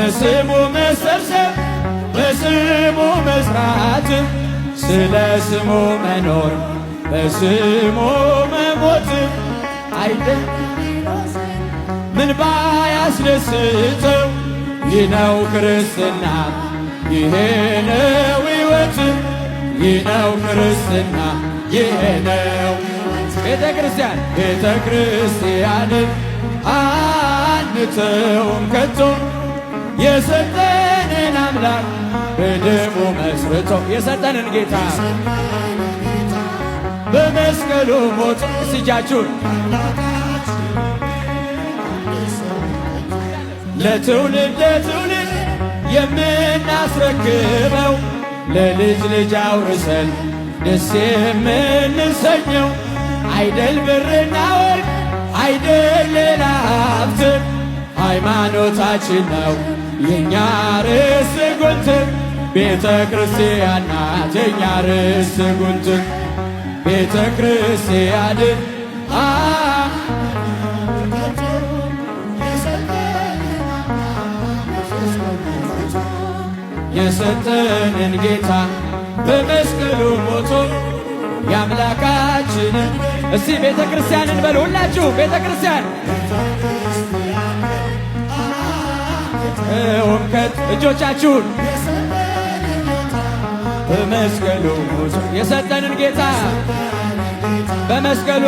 በስሙ መሰብሰብ በስሙ መስራት ስለ ስሙ መኖር በስሙ መሞት አይደ ምን ባያስደስተው ይህ ነው ክርስትና ይሄ ነው ሕይወት ይህ ነው ክርስትና ይሄ ነው ቤተ ክርስቲያን ቤተ ክርስቲያንን አንተውም ከቶ የሰጠንን አምላክ በደሙ መስርቶ የሰጠንን ጌታ በመስቀሉ ሞት ስጃችሁን ለትውልድ ለትውልድ የምናስረክበው ለልጅ ልጅ አውርሰን ደስ የምንሰኘው አይደል ብርና ወርቅ ሃይማኖታችን ነው የእኛ ርዕስ ጉንት ቤተ ክርስቲያን ናት የእኛ ርዕስ ጉንት ቤተ ክርስቲያንን የሰጠንን ጌታ በመስቀሉ ሞቶ የአምላካችንን እስቲ ቤተ ክርስቲያንን በሉ ሁላችሁ ቤተ ክርስቲያን ጌትነት እጆቻችሁን በመስቀሉ የሰጠንን ጌታ በመስቀሉ